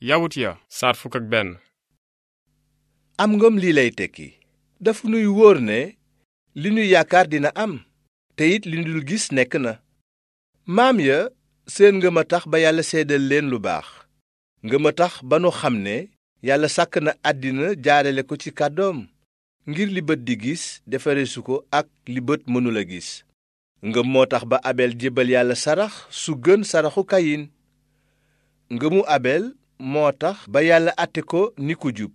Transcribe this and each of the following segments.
yawut ya am ngëm lii lay tekki dafa nuy wóor ne li nuy yaakaar dina am te it li nu dul gis nekk na maam ya seen ngëm a tax ba yàlla seddal leen lu baax ngëm a tax ba nu xam ne yàlla sàkk na àddina jaarale ko ci kàddoom ngir li bët di gis defareesu ko ak li bët mënula gis ngëm moo tax ba abel jébbal yàlla sarax su gën saraxu kayin ngëmu abel moo tax ba yàlla àtte ko ni ku jub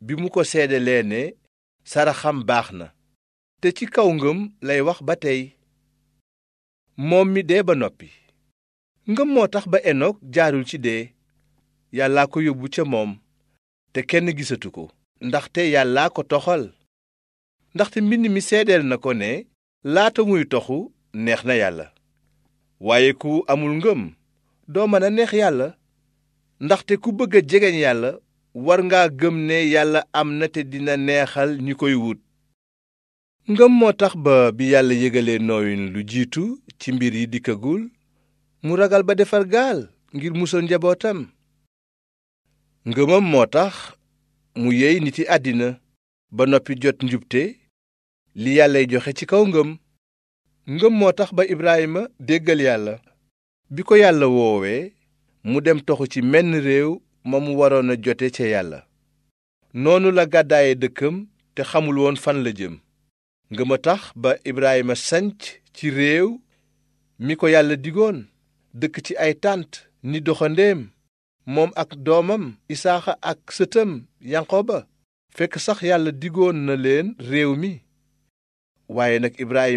bi mu ko seedelee ne saraxam baax na te ci kaw ngëm lay wax ba tey moom mi dee ba noppi ngëm moo tax ba enok jaarul ci dee yàllaa ko yóbbu ca moom te kenn gisatu ko ndaxte yàllaa ko toxal ndaxte mbind mi seedeel na ko ne laata muy toxu neex na yàlla waaye ku amul ngëm doo mën neex yàlla ndaxte ku bëgg a jegeñ yàlla war ngaa gëm ne yàlla am na te dina neexal ñi koy wut ngëm moo tax ba bi yàlla yégalee nooyin lu jiitu ci mbir yi dikkagul mu ragal ba defar gaal ngir musal njabootam ngëmam moo tax mu yey niti àddina ba noppi jot njubte li yàllay joxe ci kaw ngëm ngëm moo tax ba Ibrahima déggal yàlla bi ko yàlla woowee mu dem toxu ci menn réew ma mu waroon a jote ca yàlla noonu la gàddaaye dëkkam te xamul woon fan la jëm nga ma tax ba ibraayima sanc ci réew mi ko yàlla digoon dëkk ci ay tànt ni doxandeem moom ak doomam isaaxa ak sëtam yanqoba fekk sax yàlla digoon na leen réew mi waaye nag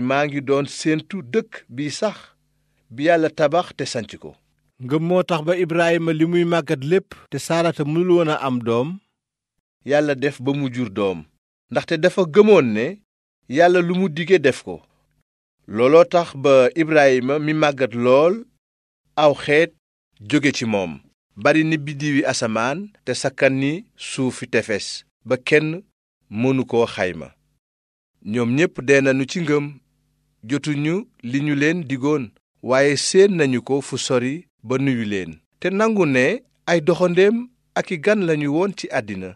maa ngi doon séentu dëkk bi sax bi yàlla tabax te sanc ko ngëm moo tax ba Ibrahima li muy màggat lépp te Saarata mënul woon a am doom yàlla def ba mu jur doom ndaxte dafa gëmoon ne yàlla lu mu dige def ko looloo tax ba Ibrahima mi màggat lool aw xeet jóge ci moom bari ni biddiwi asamaan te sakkan ni suufi tefes ba kenn mënu koo xayma ñoom ñépp dee nañu ci ngëm jotuñu li ñu leen digoon waaye séen nañu ko fu sori ba nuyu leen te nangu ne ay doxandeem ak i gan lañu woon ci àddina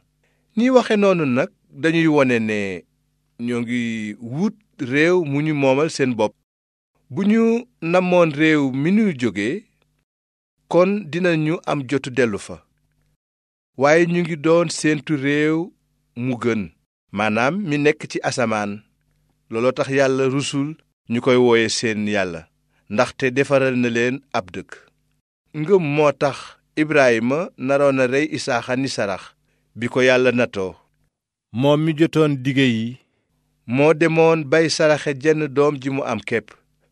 ñi waxe noonu nag dañuy wone ne ñoo ngi wut réew mu ñu moomal seen bopp bu ñu namoon réew mi ñu jóge kon dinañu am jotu dellu fa waaye ñu ngi doon séentu réew mu gën maanaam mi nekk ci asamaan looloo tax yàlla rusul ñu koy wooye seen yàlla ndaxte defaral na leen ab dëkk ngëm moo tax Ibrahima naroon a rey Isaaxa ni sarax bi ko yàlla natoo moom mi jotoon dige yi moo demoon bay saraxe jenn doom ji mu am képp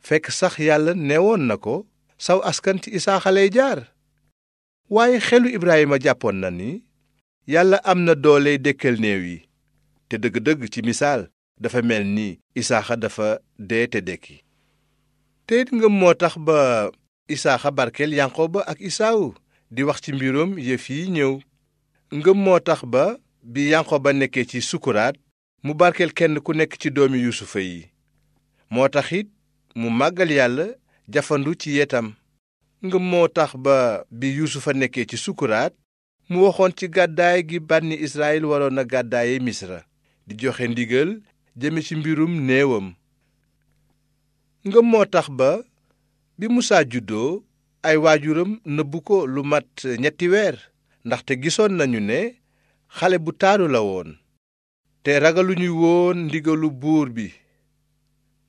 fekk sax yàlla neewoon na ko saw askan ci Isaaxa lay jaar waaye xelu Ibrahima jàppoon na ni yàlla am na doole dekkal néew yi te dëgg-dëgg ci misaal dafa mel ni Isaaxa dafa dee te dekki te ngëm moo tax ba isaaxa barkeel ba ak isaawu di wax ci mbiroom yëf yi ñëw ngëm tax ba bi yanqooba nekkee ci sukuraat mu barkeel kenn ku nekk ci doomi yuusufa yi moo tax mu màggal yàlla jafandu ci yetam ngëm moo tax ba bi yuusufa nekkee ci sukuraat mu waxoon ci gàddaay gi bànni israel waroon a gàddaaye misra di joxe ndigal jëme ci mbirum néewam bi musaa juddoo ay waajuram nëbbu ko lu mat ñetti weer ndaxte gisoon nañu ne xale bu taaru la woon te ragaluñu woon ndigalu buur bi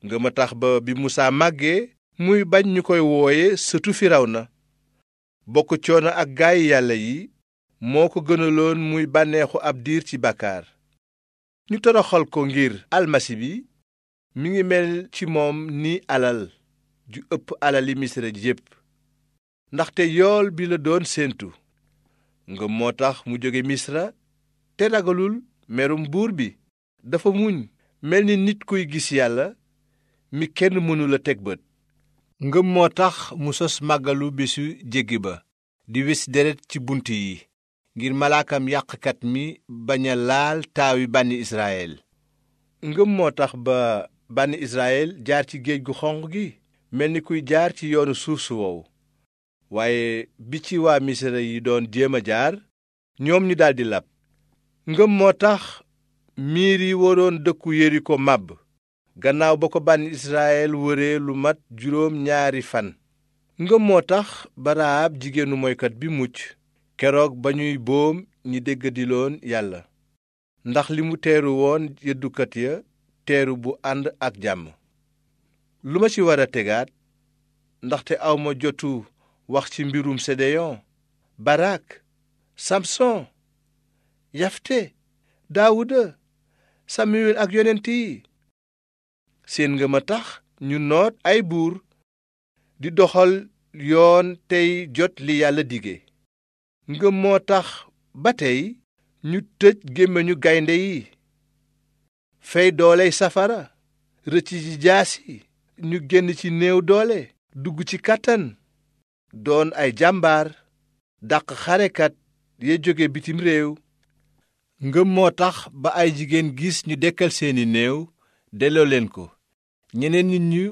ngëma tax ba bi musaa màggee muy bañ ñu koy wooye sëtu na bokk coono ak gaay yàlla yi moo ko gënaloon muy bànneexu ab diir ci bàkkaar ñu toroxal ko ngir almasi bi mi ngi mel ci moom ni alal ju ëpp alali yépp ndaxte yool bi la doon séentu ngëm moo tax mu jóge misra te ragalul merum buur bi dafa muñ mel ni nit kuy gis yàlla mi kenn mënula teg bët ngëm moo tax mu sos màggalu bésu jéggi ba di wis deret ci bunt yi ngir malaakam yàqkat mi bañ a laal taawi bànni israyel ngëm moo tax ba bànni israyel jaar ci géej gu xonq gi mel ni kuy jaar ci yoonu suuf su wow waaye bi ci waa misira yi doon jéem a jaar ñoom ñu daldi lab ngëm moo tax miir yi waroon dëkku yeriko màbb gannaaw ba ko bànni israel wëree lu mat juróom ñaari fan ngëm moo tax baraab jigéenu moykat bi mucc keroog ba ñuy boom ñi déggadiloon yàlla ndax li mu teeru woon yëddukat ya teeru bu ànd ak jàmm lu ma ci war a tegaat ndaxte awma jotu wax ci mbirum sedeyon barak samson yafte daawuda samuel ak yonent yi seen nga ma tax ñu noot ay buur di doxal yoon tey jot li yàlla dige ngëm moo tax ba tey ñu tëj gémmiñu gaynde yi fey dooley safara rëcc yi jaas ñu génn ci néew doole dugg ci kàttan doon ay jàmbar dàq xarekat ya jóge bitim réew ngëm moo tax ba ay jigéen gis ñu dekkal seeni néew delloo leen ko ñeneen nit ñu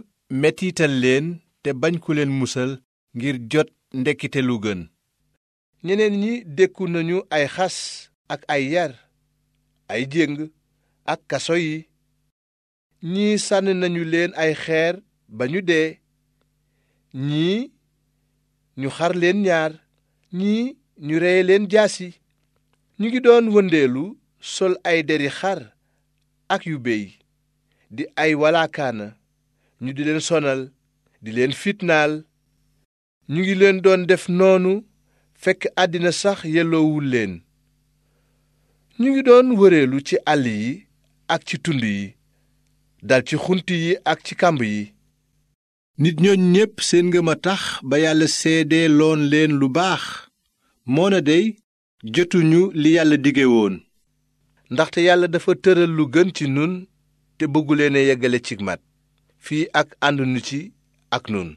mettital leen te bañ ku leen musal ngir jot ndekkite lu gën ñeneen ñi dékku nañu ay xas ak ay yar ay jéng ak kaso yi ñii sànni nañu leen ay xeer ba ñu dee ñii ñu xar leen ñaar ñii ñu reye leen jaasi ñu ngi doon wëndeelu sol ay deri xar ak yu bey di ay walaakaana ñu di leen sonal di leen fitnaal ñu ngi leen doon def noonu fekk àddina sax yelloowul leen ñu ngi doon wëreelu ci àll yi ak ci tund yi dal ci xunt yi ak ci kàmb yi nit ñooñu ñépp seen ngëm a tax ba yàlla seedee loon leen lu baax moona dey jotuñu li yàlla dige woon ndaxte yàlla dafa tëral lu gën ci nun te bëggu leen yeggale ci mat fii ak ànduñu ci ak nun